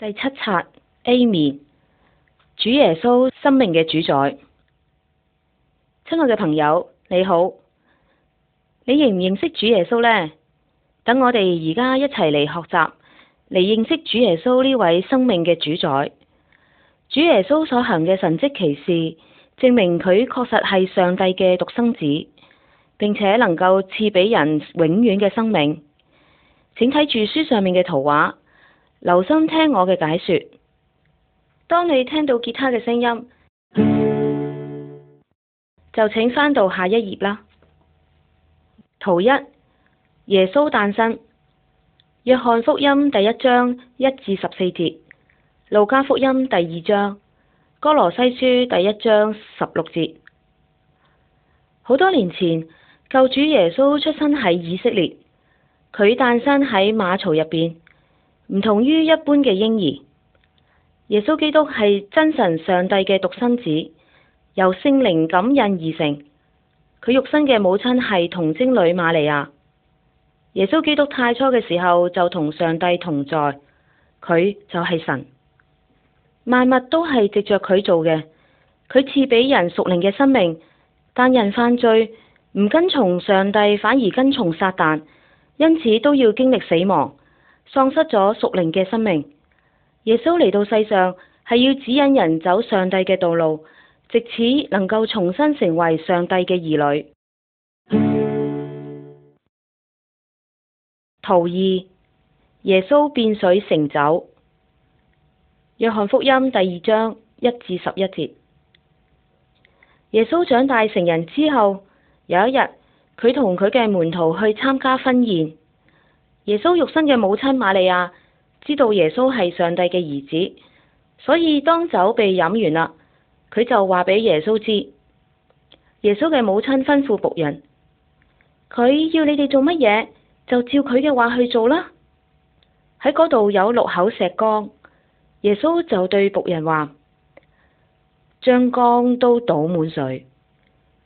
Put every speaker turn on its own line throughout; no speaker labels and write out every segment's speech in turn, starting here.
第七冊 A 面，Amy，主耶穌生命嘅主宰，親愛嘅朋友你好，你認唔認識主耶穌呢？等我哋而家一齊嚟學習嚟認識主耶穌呢位生命嘅主宰。主耶穌所行嘅神跡奇事，證明佢確實係上帝嘅獨生子，並且能夠賜俾人永遠嘅生命。請睇住書上面嘅圖畫。留心聽我嘅解說。當你聽到吉他嘅聲音，就請翻到下一頁啦。圖一，耶穌誕生，約翰福音第一章一至十四節，路加福音第二章，哥羅西書第一章十六節。好多年前，救主耶穌出生喺以色列，佢誕生喺馬槽入邊。唔同於一般嘅嬰兒，耶穌基督係真神上帝嘅獨生子，由聖靈感孕而成。佢肉身嘅母親係童貞女瑪利亞。耶穌基督太初嘅時候就同上帝同在，佢就係神，萬物都係藉着佢做嘅。佢賜俾人屬靈嘅生命，但人犯罪唔跟從上帝，反而跟從撒但，因此都要經歷死亡。喪失咗屬靈嘅生命。耶穌嚟到世上，係要指引人走上帝嘅道路，藉此能夠重新成為上帝嘅兒女。圖二， 2, 耶穌變水成酒。約翰福音第二章一至十一節。耶穌長大成人之後，有一日，佢同佢嘅門徒去參加婚宴。耶穌肉身嘅母親瑪利亞知道耶穌係上帝嘅兒子，所以當酒被飲完啦，佢就話俾耶穌知，耶穌嘅母親吩咐僕人，佢要你哋做乜嘢，就照佢嘅話去做啦。喺嗰度有六口石缸，耶穌就對僕人話：將缸都倒滿水。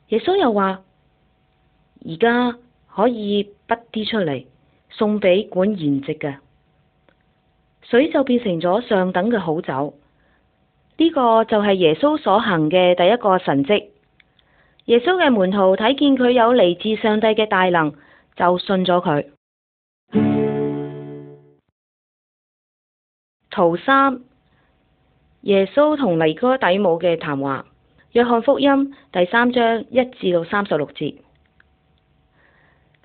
耶穌又話：而家可以潷啲出嚟。送俾管筵席嘅水就變成咗上等嘅好酒，呢、這個就係耶穌所行嘅第一個神跡。耶穌嘅門徒睇見佢有嚟自上帝嘅大能，就信咗佢。 圖三：耶穌同尼哥底母嘅談話，約翰福音第三章一至到三十六節。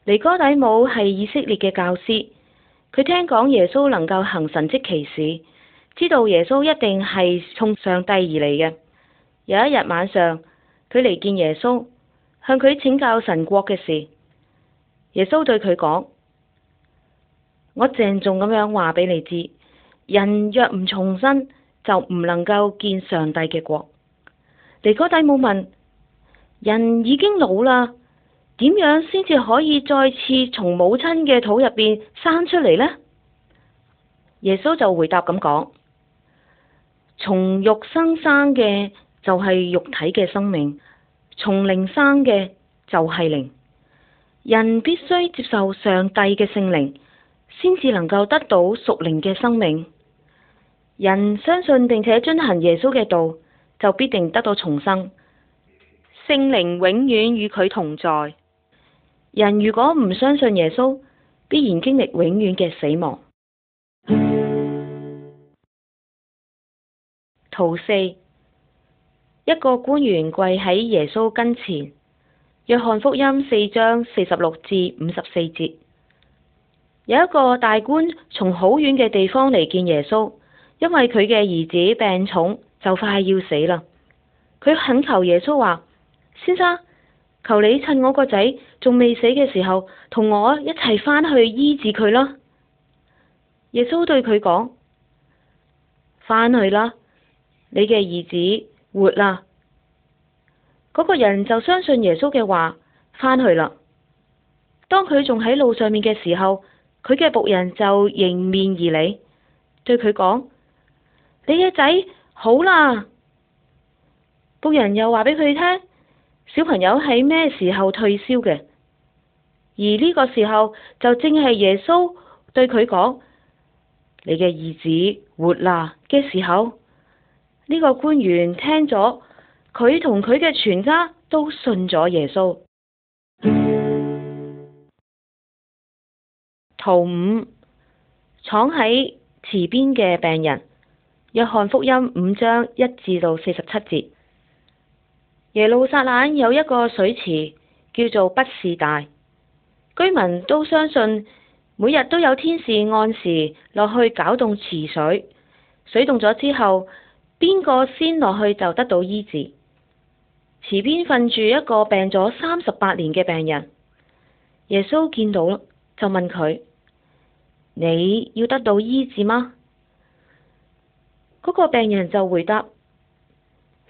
尼哥底母係以色列嘅教師，佢聽講耶穌能夠行神蹟奇事，知道耶穌一定係從上帝而嚟嘅。有一日晚上，佢嚟見耶穌，向佢請教神國嘅事。耶穌對佢講：我鄭重咁樣話畀你知，人若唔重生，就唔能夠見上帝嘅國。尼哥底母問：人已經老啦。點樣先至可以再次從母親嘅肚入邊生出嚟呢？耶穌就回答咁講：從肉身生生嘅就係肉體嘅生命，從靈生嘅就係靈。人必須接受上帝嘅聖靈，先至能夠得到屬靈嘅生命。人相信並且遵行耶穌嘅道，就必定得到重生。聖靈永遠與佢同在。人如果唔相信耶穌，必然經歷永遠嘅死亡。圖四，一個官員跪喺耶穌跟前。約翰福音四章四十六至五十四節，有一個大官從好遠嘅地方嚟見耶穌，因為佢嘅兒子病重，就快要死啦。佢懇求耶穌話：先生。求你趁我個仔仲未死嘅時候，同我一齊返去醫治佢啦！耶穌對佢講：返去啦，你嘅兒子活啦！嗰個人就相信耶穌嘅話，返去啦。當佢仲喺路上面嘅時候，佢嘅僕人就迎面而嚟，對佢講： 你嘅仔好啦！僕人又話畀佢聽。小朋友喺咩時候退燒嘅？而呢個時候就正係耶穌對佢講：你嘅兒子活啦嘅時候。呢個官員聽咗，佢同佢嘅全家都信咗耶穌。 圖五，躺喺池邊嘅病人，約翰福音五章一至到四十七節。耶路撒冷有一個水池，叫做畢士大。居民都相信，每日都有天使按時落去攪動池水，水動咗之後，邊個先落去就得到醫治。池邊瞓住一個病咗三十八年嘅病人，耶穌見到就問佢：你要得到醫治嗎？嗰個病人就回答：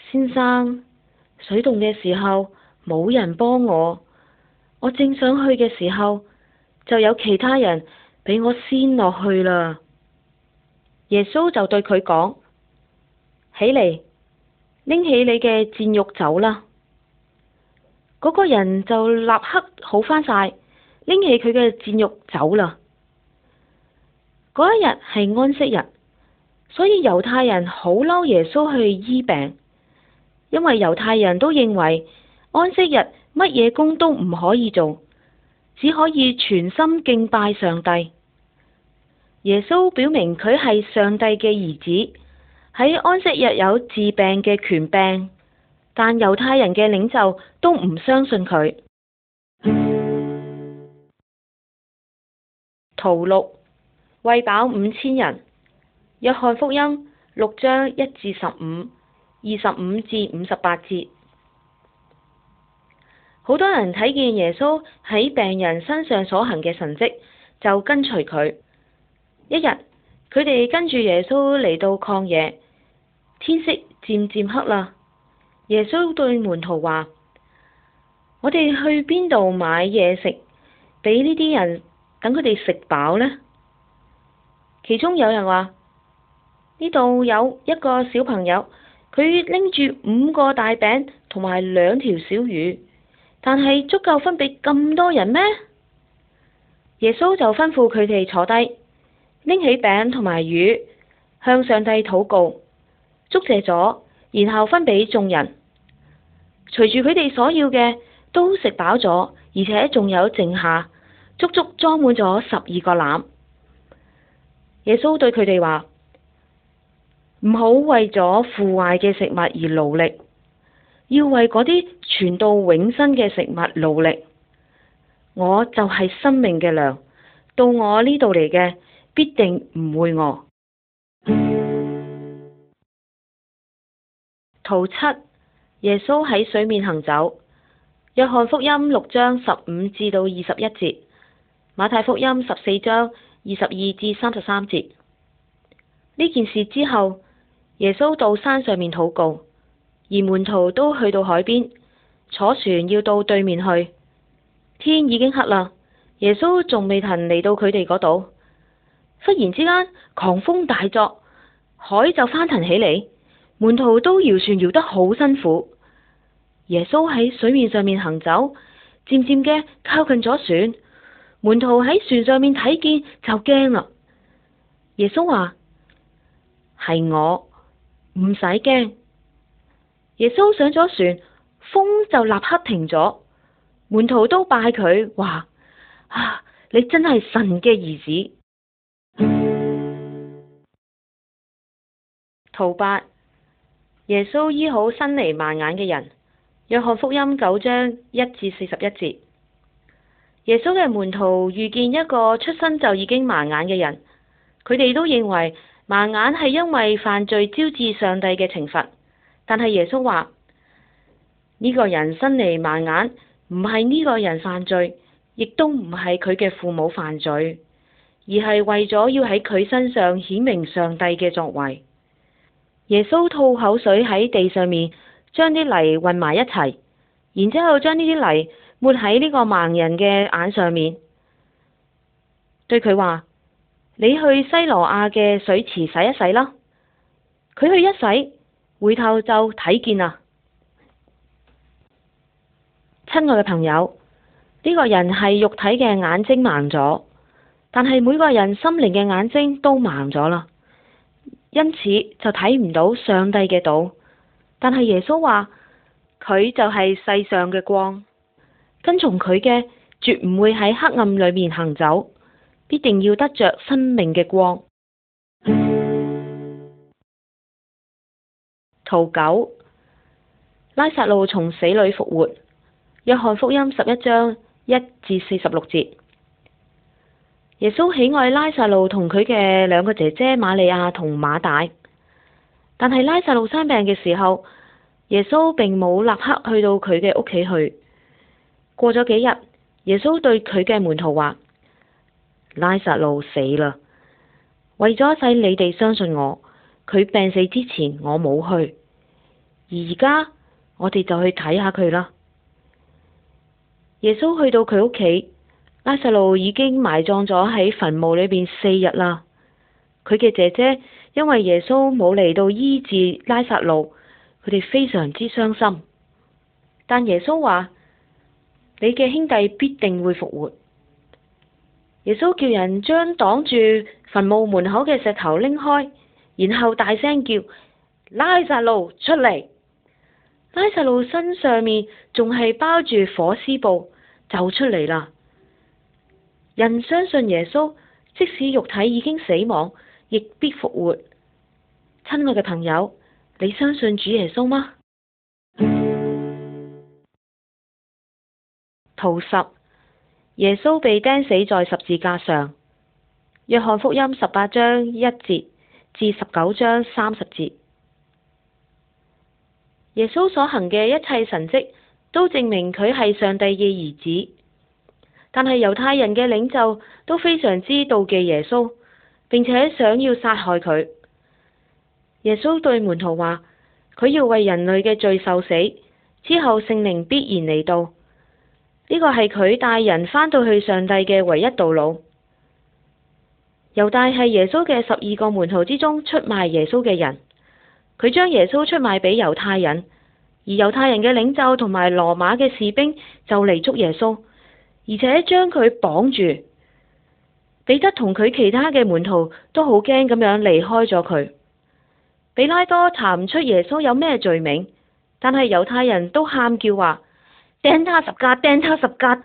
先生。水動嘅時候冇人幫我，我正想去嘅時候就有其他人畀我先落去啦。耶穌就對佢講：起嚟，拎起你嘅戰肉走啦。嗰、那個人就立刻好翻晒，拎起佢嘅戰肉走啦。嗰一日係安息日，所以猶太人好嬲耶穌去醫病。因為猶太人都認為安息日乜嘢工都唔可以做，只可以全心敬拜上帝。耶穌表明佢係上帝嘅兒子，喺安息日有治病嘅權柄，但猶太人嘅領袖都唔相信佢。圖六， 餵飽五千人，約翰福音六章一至十五。二十五至五十八節，好多人睇見耶穌喺病人身上所行嘅神迹，就跟隨佢。一日，佢哋跟住耶穌嚟到曠野，天色漸漸黑啦。耶穌對門徒話：「我哋去邊度買嘢食，畀呢啲人等佢哋食飽呢？」其中有人話：「呢度有一個小朋友。」佢拎住五個大餅同埋兩條小魚，但係足夠分畀咁多人咩？耶穌就吩咐佢哋坐低，拎起餅同埋魚，向上帝禱告，捉謝咗，然後分畀眾人。隨住佢哋所要嘅都食飽咗，而且仲有剩下，足足裝滿咗十二個籃。耶穌對佢哋話。唔好為咗腐壞嘅食物而勞力，要為嗰啲存到永生嘅食物勞力。我就係生命嘅糧，到我呢度嚟嘅必定唔會餓。 圖七，耶穌喺水面行走。約翰福音六章十五至到二十一節，馬太福音十四章二十二至三十三節。呢件事之後。耶穌到山上面禱告，而門徒都去到海邊，坐船要到對面去。天已經黑啦，耶穌仲未行嚟，到佢哋嗰度。忽然之間，狂風大作，海就翻騰起嚟，門徒都搖船搖得好辛苦。耶穌喺水面上面行走，漸漸嘅靠近咗船，門徒喺船上面睇見，就驚啦。耶穌話：係我。唔使驚，耶穌上咗船，風就立刻停咗。門徒都拜佢話：啊，你真係神嘅兒子。圖八， 耶穌醫好生嚟盲眼嘅人。約翰福音九章一至四十一節，耶穌嘅門徒遇見一個出生就已經盲眼嘅人，佢哋都認為。盲眼係因為犯罪招致上帝嘅懲罰，但係耶穌話呢個人生嚟盲眼，唔係呢個人犯罪，亦都唔係佢嘅父母犯罪，而係為咗要喺佢身上顯明上帝嘅作為。耶穌吐口水喺地上面，將啲泥混埋一齊，然之後將呢啲泥抹喺呢個盲人嘅眼上面，對佢話。你去西羅亞嘅水池洗一洗啦，佢去一洗，回頭就睇見啦。親愛嘅朋友，呢、這個人係肉體嘅眼睛盲咗，但係每個人心靈嘅眼睛都盲咗啦，因此就睇唔到上帝嘅道。但係耶穌話，佢就係世上嘅光，跟從佢嘅，絕唔會喺黑暗裏面行走。必定要得着生命嘅光。圖九，拉撒路從死裏復活。約翰福音十一章一至四十六節。耶穌喜愛拉撒路同佢嘅兩個姐姐瑪利亞同馬大。但係拉撒路生病嘅時候，耶穌並冇立刻去到佢嘅屋企去。過咗幾日，耶穌對佢嘅門徒話。拉撒路死啦！為咗使你哋相信我，佢病死之前我冇去，而家我哋就去睇下佢啦。耶穌去到佢屋企，拉撒路已經埋葬咗喺墳墓裏邊四日啦。佢嘅姐姐因為耶穌冇嚟到醫治拉撒路，佢哋非常之傷心。但耶穌話：你嘅兄弟必定會復活。耶穌叫人將擋住墳墓門口嘅石頭拎開，然後大聲叫：拉撒路出嚟！拉撒路身上面仲係包住火屍布，就出嚟啦。人相信耶穌，即使肉體已經死亡，亦必復活。親愛嘅朋友，你相信主耶穌嗎？ 圖十。耶穌被釘死在十字架上，約翰福音十八章一節至十九章三十節。耶穌所行嘅一切神蹟，都證明佢係上帝嘅兒子。但係猶太人嘅領袖都非常之妒忌耶穌，並且想要殺害佢。耶穌對門徒話：佢要為人類嘅罪受死，之後聖靈必然嚟到。呢個係佢帶人返到去上帝嘅唯一道路。猶大係耶穌嘅十二個門徒之中出賣耶穌嘅人，佢將耶穌出賣畀猶太人，而猶太人嘅領袖同埋羅馬嘅士兵就嚟捉耶穌，而且將佢綁住。彼得同佢其他嘅門徒都好驚咁樣離開咗佢。彼拉多查唔出耶穌有咩罪名，但係猶太人都喊叫話。釘他十架，釘他十架，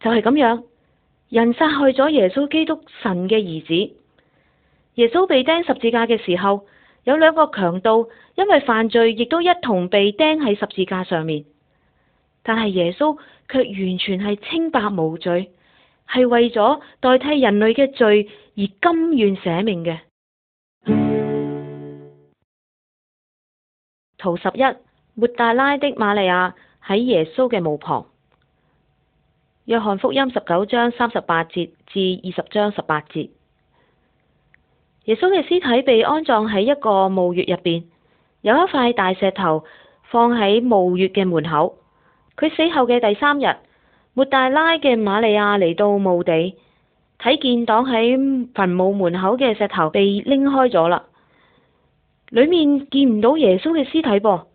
就係咁樣。人殺害咗耶穌基督神嘅兒子。耶穌被釘十字架嘅時候，有兩個強盜，因為犯罪亦都一同被釘喺十字架上面。但係耶穌卻完全係清白無罪，係為咗代替人類嘅罪而甘願捨命嘅。 圖十一，抹大拉的馬利亞。喺耶穌嘅墓旁，約翰福音十九章三十八節至二十章十八節，耶穌嘅屍體被安葬喺一個墓穴入邊，有一塊大石頭放喺墓穴嘅門口。佢死後嘅第三日，抹大拉嘅瑪利亞嚟到墓地，睇見擋喺墳墓門口嘅石頭被拎開咗啦，裏面見唔到耶穌嘅屍體噃。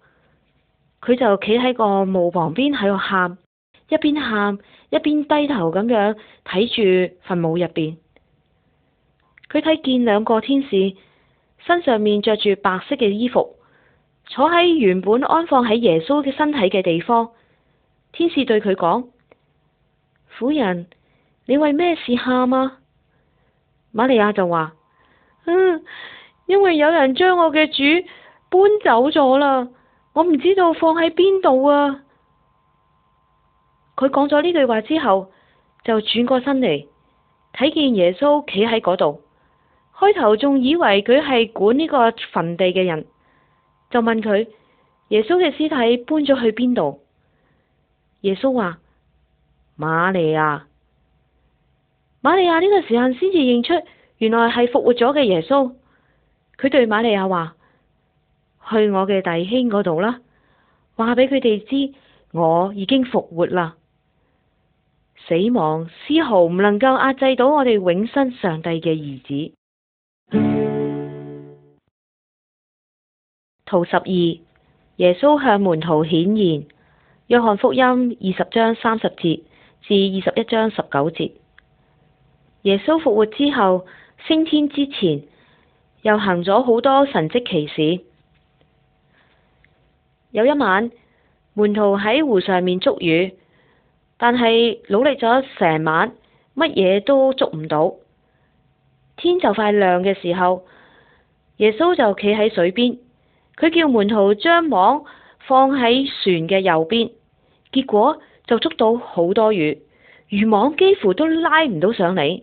佢就企喺個墓旁邊喺度喊，一邊喊一邊低頭咁樣睇住墳墓入邊。佢睇見兩個天使，身上面着住白色嘅衣服，坐喺原本安放喺耶穌嘅身體嘅地方。天使對佢講：「婦人，你為咩事喊啊？」瑪利亞就話：「嗯，因為有人將我嘅主搬走咗啦。」我唔知道放喺邊度啊！佢講咗呢句話之後，就轉過身嚟，睇見耶穌企喺嗰度。開頭仲以為佢係管呢個墳地嘅人，就問佢，耶穌嘅屍體搬咗去邊度？耶穌話，瑪利亞，瑪利亞呢個時間先至認出，原來係復活咗嘅耶穌。佢對瑪利亞話。去我嘅弟兄嗰度啦，話畀佢哋知我已經復活啦，死亡絲毫唔能夠壓制到我哋永生上帝嘅兒子。 圖十二，耶穌向門徒顯現，約翰福音二十章三十節至二十一章十九節，耶穌復活之後升天之前，又行咗好多神蹟奇事。有一晚，門徒喺湖上面捉魚，但係努力咗成晚，乜嘢都捉唔到。天就快亮嘅時候，耶穌就企喺水邊，佢叫門徒將網放喺船嘅右邊，結果就捉到好多魚，漁網幾乎都拉唔到上嚟。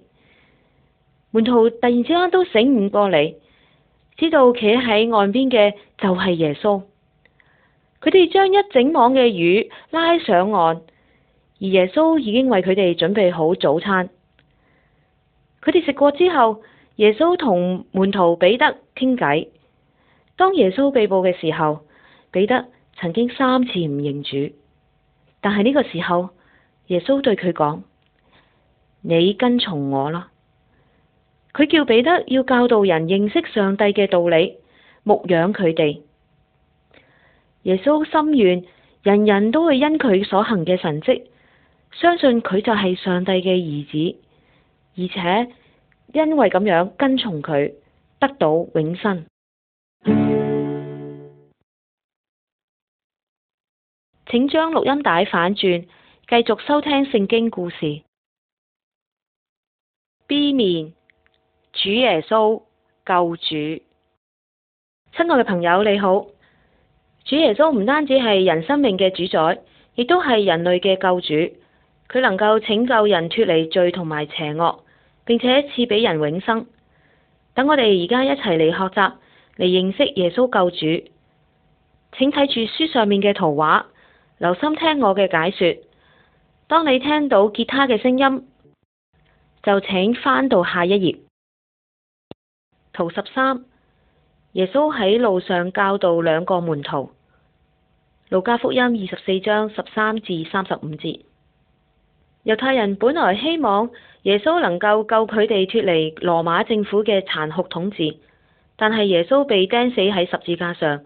門徒突然之間都醒悟過嚟，知道企喺岸邊嘅就係耶穌。佢哋將一整網嘅魚拉上岸，而耶穌已經為佢哋準備好早餐。佢哋食過之後，耶穌同門徒彼得傾偈。當耶穌被捕嘅時候，彼得曾經三次唔認主，但係呢個時候，耶穌對佢講：你跟從我啦。佢叫彼得要教導人認識上帝嘅道理，牧養佢哋。耶穌心願，人人都會因佢所行嘅神蹟，相信佢就係上帝嘅兒子，而且因為咁樣跟從佢，得到永生。 請將錄音帶反轉，繼續收聽聖經故事。 B 面，主耶穌，救主，親愛嘅朋友，你好。主耶穌唔單止係人生命嘅主宰，亦都係人類嘅救主。佢能夠拯救人脱離罪同埋邪惡，並且賜俾人永生。等我哋而家一齊嚟學習嚟認識耶穌救主。請睇住書上面嘅圖畫，留心聽我嘅解說。當你聽到吉他嘅聲音，就請翻到下一頁。圖十三，耶穌喺路上教導兩個門徒。路加福音二十四章十三至三十五節，猶太人本來希望耶穌能夠救佢哋脫離羅馬政府嘅殘酷統治，但係耶穌被釘死喺十字架上，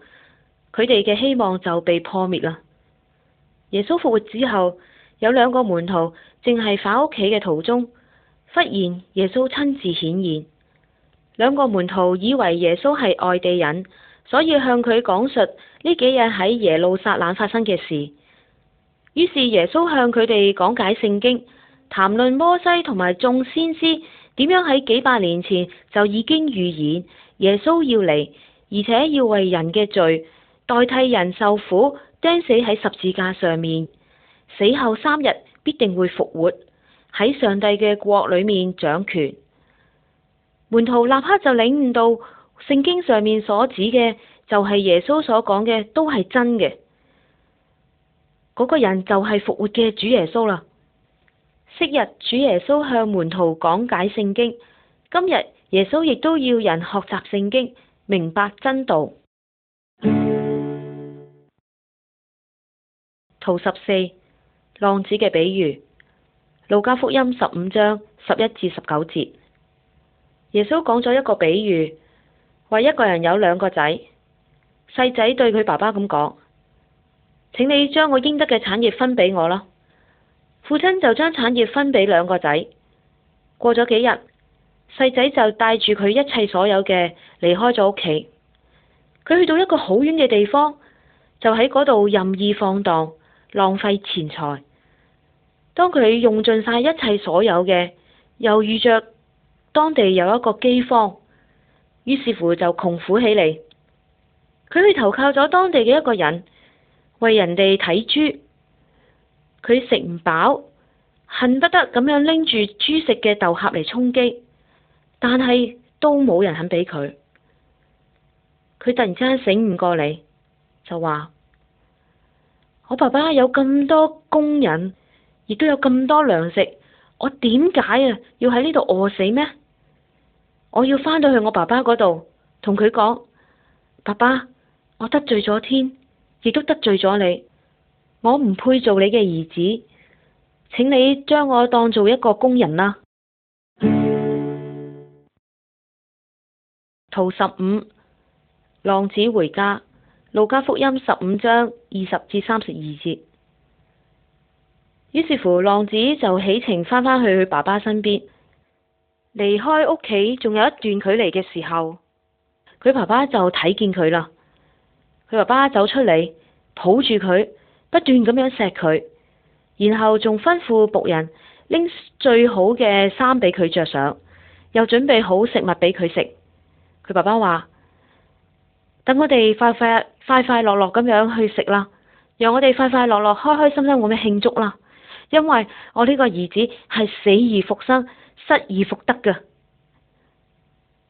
佢哋嘅希望就被破滅啦。耶穌復活之後，有兩個門徒正係返屋企嘅途中，忽然耶穌親自顯現，兩個門徒以為耶穌係外地人。所以向佢講述呢幾日喺耶路撒冷發生嘅事，於是耶穌向佢哋講解聖經，談論摩西同埋眾先知點樣喺幾百年前就已經預言耶穌要嚟，而且要為人嘅罪代替人受苦，釘死喺十字架上面，死後三日必定會復活，喺上帝嘅國裏面掌權。門徒立刻就領悟到。聖經上面所指嘅，就係耶穌所講嘅，都係真嘅。嗰個人就係復活嘅主耶穌啦。昔日主耶穌向門徒講解聖經，今日耶穌亦都要人學習聖經，明白真道。 圖十四浪子嘅比喻，路加福音十五章十一至十九節，耶穌講咗一個比喻。話一個人有兩個仔，細仔對佢爸爸咁講：請你將我應得嘅產業分畀我啦。父親就將產業分畀兩個仔。過咗幾日，細仔就帶住佢一切所有嘅離開咗屋企。佢去到一個好遠嘅地方，就喺嗰度任意放蕩，浪費錢財。當佢用盡晒一切所有嘅，又遇着當地有一個飢荒。於是乎就窮苦起嚟，佢去投靠咗當地嘅一個人，為人哋睇豬。佢食唔飽，恨不得咁樣拎住豬食嘅豆殼嚟充飢，但係都冇人肯畀佢。佢突然之間醒悟過嚟，就話：我爸爸有咁多工人，亦都有咁多糧食，我點解啊要喺呢度餓死咩？我要返到去我爸爸嗰度，同佢講，爸爸，我得罪咗天，亦都得罪咗你，我唔配做你嘅兒子，請你將我當做一個工人啦。 圖十五，浪子回家，路加福音十五章二十至三十二節。於是乎，浪子就起程返返去佢爸爸身邊。離開屋企仲有一段距離嘅時候，佢爸爸就睇見佢啦。佢爸爸走出嚟，抱住佢，不斷咁樣錫佢，然後仲吩咐僕人拎最好嘅衫俾佢着上，又準備好食物俾佢食。佢爸爸話：等我哋快快快快樂樂咁樣去食啦，讓我哋快快樂樂、開開心心咁樣慶祝啦，因為我呢個兒子係死而復生，失而復得嘅。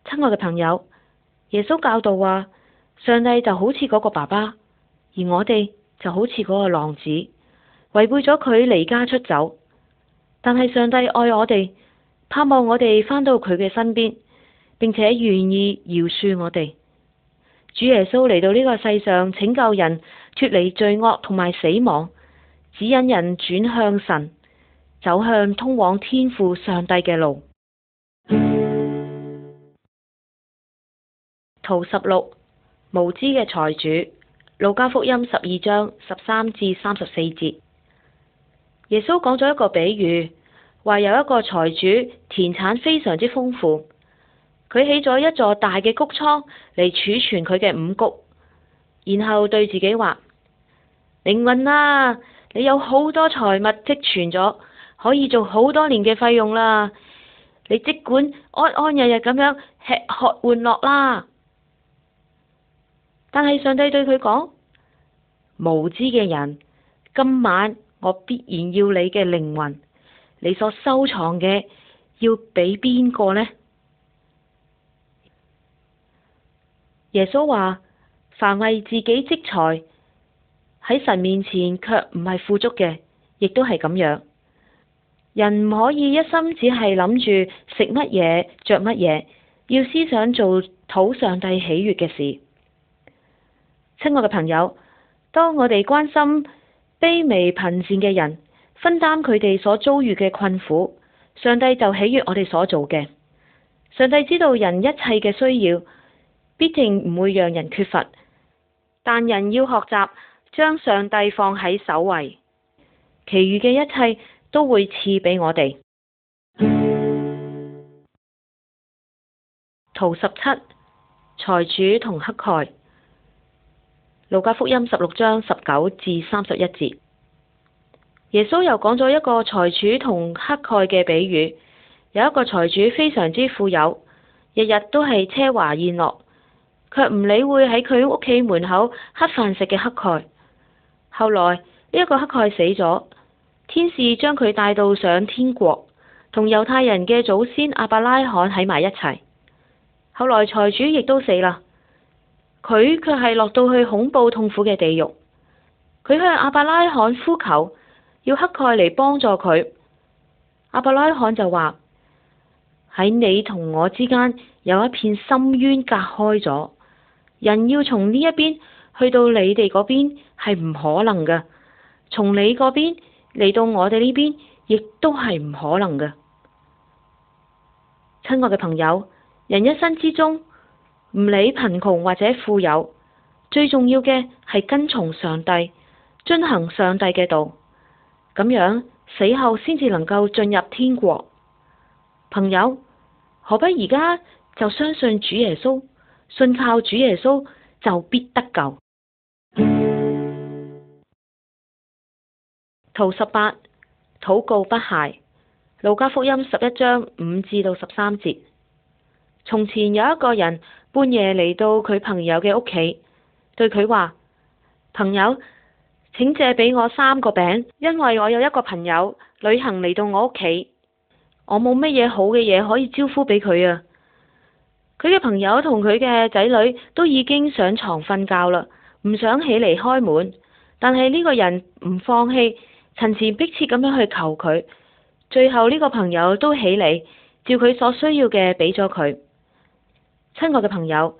親愛嘅朋友，耶穌教導話，上帝就好似嗰個爸爸，而我哋就好似嗰個浪子，違背咗佢離家出走，但係上帝愛我哋，盼望我哋返到佢嘅身邊，並且願意饒恕我哋。主耶穌嚟到呢個世上拯救人，脫離罪惡同埋死亡，指引人轉向神，走向通往天父上帝嘅路。圖十六，無知嘅財主，路加福音十二章十三至三十四節，耶穌講咗一個比喻，話有一個財主田產非常之豐富，佢起咗一座大嘅穀倉嚟儲存佢嘅五穀，然後對自己話：靈魂啊，你有好多財物積存咗。可以做好多年嘅費用啦！你即管安安日日咁樣吃喝玩樂啦，但係上帝對佢講：無知嘅人，今晚我必然要你嘅靈魂，你所收藏嘅要畀邊個呢？耶穌話：凡為自己積財喺神面前卻，卻唔係富足嘅，亦都係咁樣。人唔可以一心只係諗住食乜嘢、着乜嘢，要思想做討上帝喜悅嘅事。親愛嘅朋友，當我哋關心卑微貧賤嘅人，分擔佢哋所遭遇嘅困苦，上帝就喜悅我哋所做嘅。上帝知道人一切嘅需要，必定唔會讓人缺乏，但人要學習將上帝放喺首位，其餘嘅一切。都會賜俾我哋。圖十七，財主同乞丐。路加福音十六章十九至三十一節。耶穌又講咗一個財主同乞丐嘅比喻。有一個財主非常之富有，日日都係奢華宴樂，卻唔理會喺佢屋企門口乞飯食嘅乞丐。後來呢一個乞丐死咗。天使將佢帶到上天國，同猶太人嘅祖先亞伯拉罕喺埋一齊。後來財主亦都死啦，佢卻係落到去恐怖痛苦嘅地獄。佢向亞伯拉罕呼求，要乞丐嚟幫助佢。亞伯拉罕就話：喺你同我之間有一片深淵隔開咗，人要從呢一邊去到你哋嗰邊係唔可能嘅，從你嗰邊。嚟到我哋呢邊，亦都係唔可能嘅。親愛嘅朋友，人一生之中，唔理貧窮或者富有，最重要嘅係跟從上帝，遵行上帝嘅道，咁樣死後先至能夠進入天國。朋友，何不而家就相信主耶穌，信靠主耶穌就必得救。圖十八，禱告不懈，路加福音十一章五至到十三節。從前有一個人半夜嚟到佢朋友嘅屋企，對佢話：朋友，請借畀我三個餅，因為我有一個朋友旅行嚟到我屋企，我冇乜嘢好嘅嘢可以招呼畀佢啊！佢嘅朋友同佢嘅仔女都已經上床瞓覺啦，唔想起嚟開門，但係呢個人唔放棄。陳前迫切咁樣去求佢，最後呢個朋友都起嚟，照佢所需要嘅，畀咗佢。親愛嘅朋友，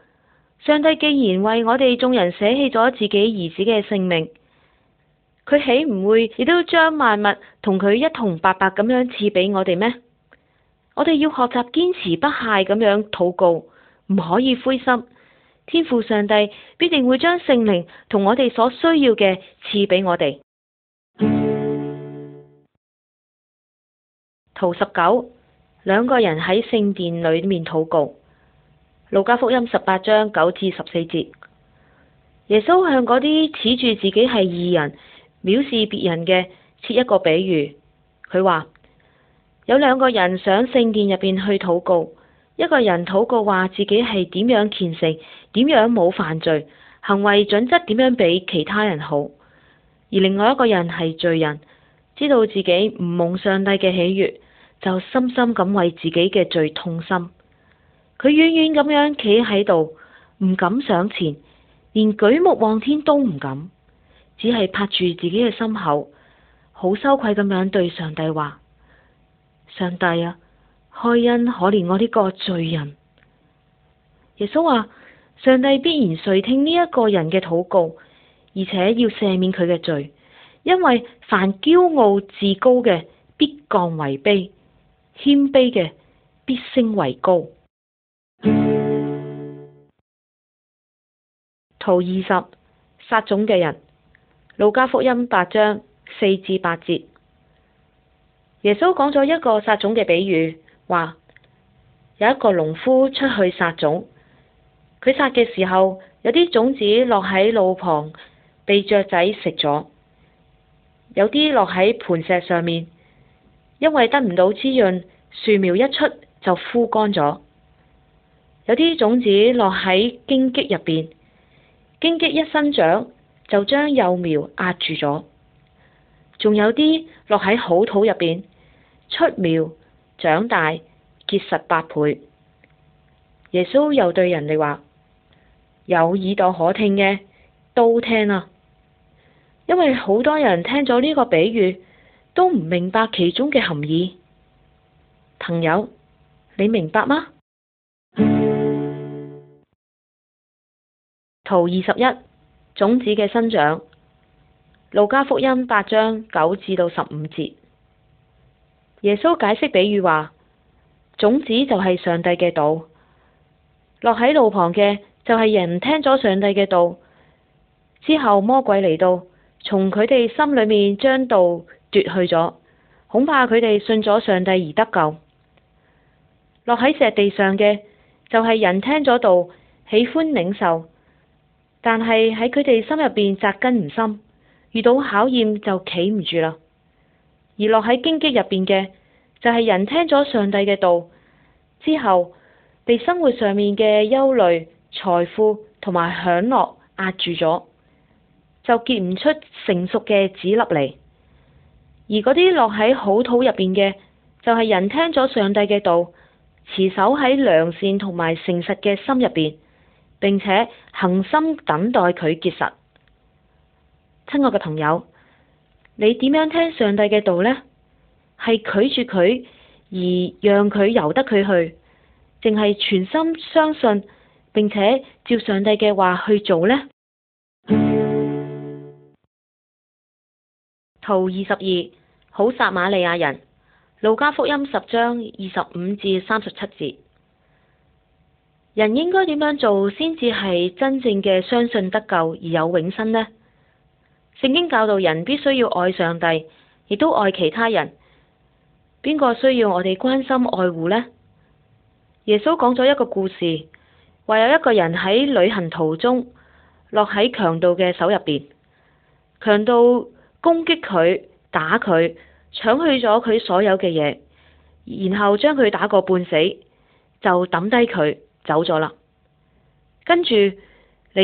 上帝既然為我哋眾人捨棄咗自己兒子嘅性命，佢豈唔會亦都將萬物同佢一同白白咁樣賜畀我哋咩？我哋要學習堅持不懈咁樣禱告，唔可以灰心。天父上帝必定會將聖靈同我哋所需要嘅賜俾我哋。圖十九，兩個人喺聖殿裏面禱告。路加福音十八章九至十四節，耶穌向嗰啲恃住自己係義人、藐視別人嘅，設一個比喻。佢話有兩個人上聖殿入邊去禱告，一個人禱告話自己係點樣虔誠、點樣冇犯罪、行為準則點樣比其他人好，而另外一個人係罪人，知道自己唔蒙上帝嘅喜悦。就深深咁為自己嘅罪痛心，佢遠遠咁樣企喺度，唔敢上前，連舉目望天都唔敢，只係拍住自己嘅心口，好羞愧咁樣對上帝話：上帝啊，開恩可憐我呢個罪人！耶穌話：上帝必然垂聽呢一個人嘅禱告，而且要赦免佢嘅罪，因為凡驕傲自高嘅，必降為卑。謙卑嘅必升為高。圖二十，撒種嘅人，路加福音八章四至八節，耶穌講咗一個撒種嘅比喻，話有一個農夫出去撒種，佢撒嘅時候，有啲種子落喺路旁，被雀仔食咗，有啲落喺磐石上面。因為得唔到滋潤，樹苗一出就枯乾咗。有啲種子落喺荊棘入邊，荊棘一生長就將幼苗壓住咗。仲有啲落喺好土入邊，出苗長大結實八倍。耶穌又對人哋話：「有耳朵可聽嘅，都聽啊！」因為好多人聽咗呢個比喻。都唔明白其中嘅含義，朋友，你明白嗎？圖二十一，種子嘅生長。路加福音八章九至到十五節，耶穌解釋比喻話：種子就係上帝嘅道，落喺路旁嘅就係人聽咗上帝嘅道，之後魔鬼嚟到，從佢哋心裏面將道。奪去咗，恐怕佢哋信咗上帝而得救。落喺石地上嘅，就係人聽咗道，喜歡領受，但係喺佢哋心入邊扎根唔深，遇到考驗就企唔住啦。而落喺荊棘入邊嘅，就係人聽咗上帝嘅道之後，被生活上面嘅憂慮、財富同埋享樂壓住咗，就結唔出成熟嘅子粒嚟。而嗰啲落喺好土入邊嘅，就係人聽咗上帝嘅道，持守喺良善同埋誠實嘅心入邊，並且恆心等待佢結實。親愛嘅朋友，你點樣聽上帝嘅道呢？係拒絕佢而讓佢由得佢去，淨係全心相信，並且照上帝嘅話去做呢。圖二十二，好撒瑪利亞人，路加福音十章二十五至三十七節。人應該點樣做先至係真正嘅相信得救而有永生呢？聖經教導人必須要愛上帝，亦都愛其他人。邊個需要我哋關心愛護呢？耶穌講咗一個故事，話有一個人喺旅行途中落喺強盜嘅手入邊，強盜。攻擊佢，打佢，搶去咗佢所有嘅嘢，然後將佢打個半死，就抌低佢走咗啦。跟住嚟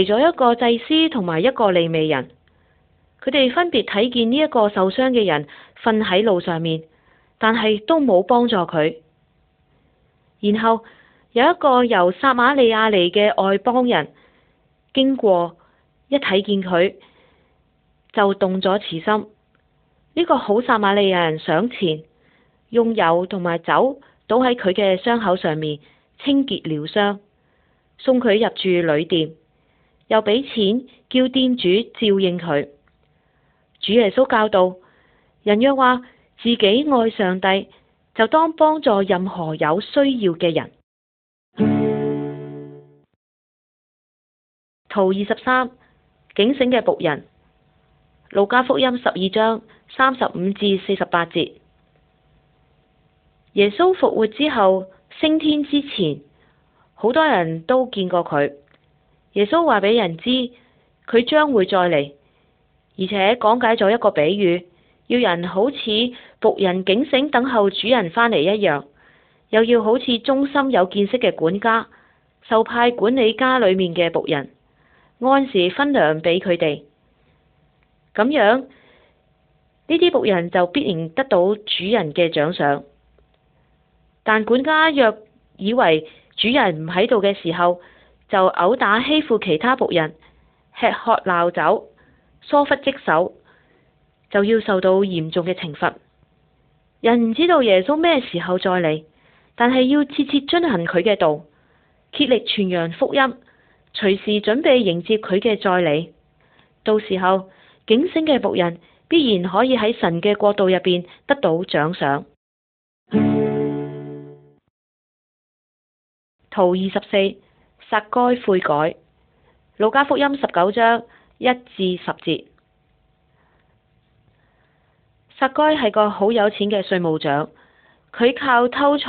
咗一個祭司同埋一個利未人，佢哋分別睇見呢一個受傷嘅人瞓喺路上面，但係都冇幫助佢。然後有一個由撒瑪利亞嚟嘅外邦人經過，一睇見佢。就動咗慈心，呢、這個好撒瑪利亞人上前，用油同埋酒倒喺佢嘅傷口上面，清潔療傷，送佢入住旅店，又畀錢叫店主照應佢。主耶穌教導：人若話自己愛上帝，就當幫助任何有需要嘅人。圖二十三， 23, 警醒嘅僕人。路加福音十二章三十五至四十八節，耶穌復活之後升天之前，好多人都見過佢。耶穌話畀人知，佢將會再嚟，而且講解咗一個比喻，要人好似僕人警醒等候主人翻嚟一樣，又要好似忠心有見識嘅管家，受派管理家裏面嘅僕人，按時分糧俾佢哋。咁樣，呢啲僕人就必然得到主人嘅獎賞。但管家若以為主人唔喺度嘅時候，就毆打欺負其他僕人，吃喝鬧酒，疏忽職守，就要受到嚴重嘅懲罰。人唔知道耶穌咩時候再嚟，但係要切切遵行佢嘅道，竭力傳揚福音，隨時準備迎接佢嘅再嚟。到時候。警醒嘅僕人必然可以喺神嘅國度入邊得到獎賞。圖二十四，撒該悔改。路加福音十九章一至十節。撒該係個好有錢嘅稅務長，佢靠偷取、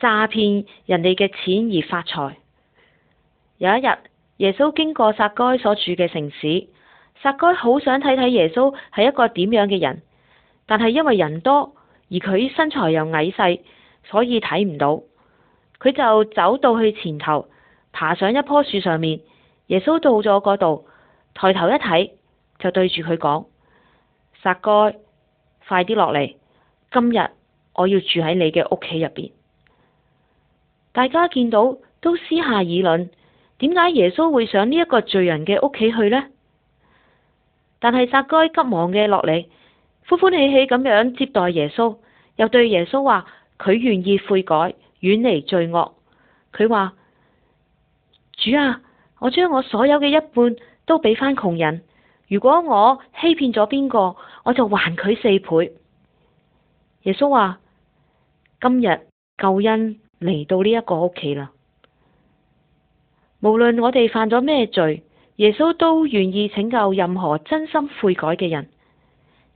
詐騙人哋嘅錢而發財。有一日，耶穌經過撒該所住嘅城市。撒該好想睇睇耶穌係一個點樣嘅人，但係因為人多而佢身材又矮細，所以睇唔到。佢就走到去前頭，爬上一棵樹上面。耶穌到咗嗰度，抬頭一睇，就對住佢講：撒該，快啲落嚟！今日我要住喺你嘅屋企入邊。大家見到都私下議論：點解耶穌會上呢一個罪人嘅屋企去呢？但係撒該急忙嘅落嚟，歡歡喜喜咁樣接待耶穌，又對耶穌話：佢願意悔改，遠離罪惡。佢話：主啊，我將我所有嘅一半都畀返窮人。如果我欺騙咗邊個，我就還佢四倍。耶穌話：今日救恩嚟到呢一個屋企啦。無論我哋犯咗咩罪。耶穌都願意拯救任何真心悔改嘅人，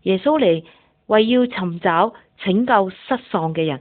耶穌
嚟為要尋找拯救失喪嘅人。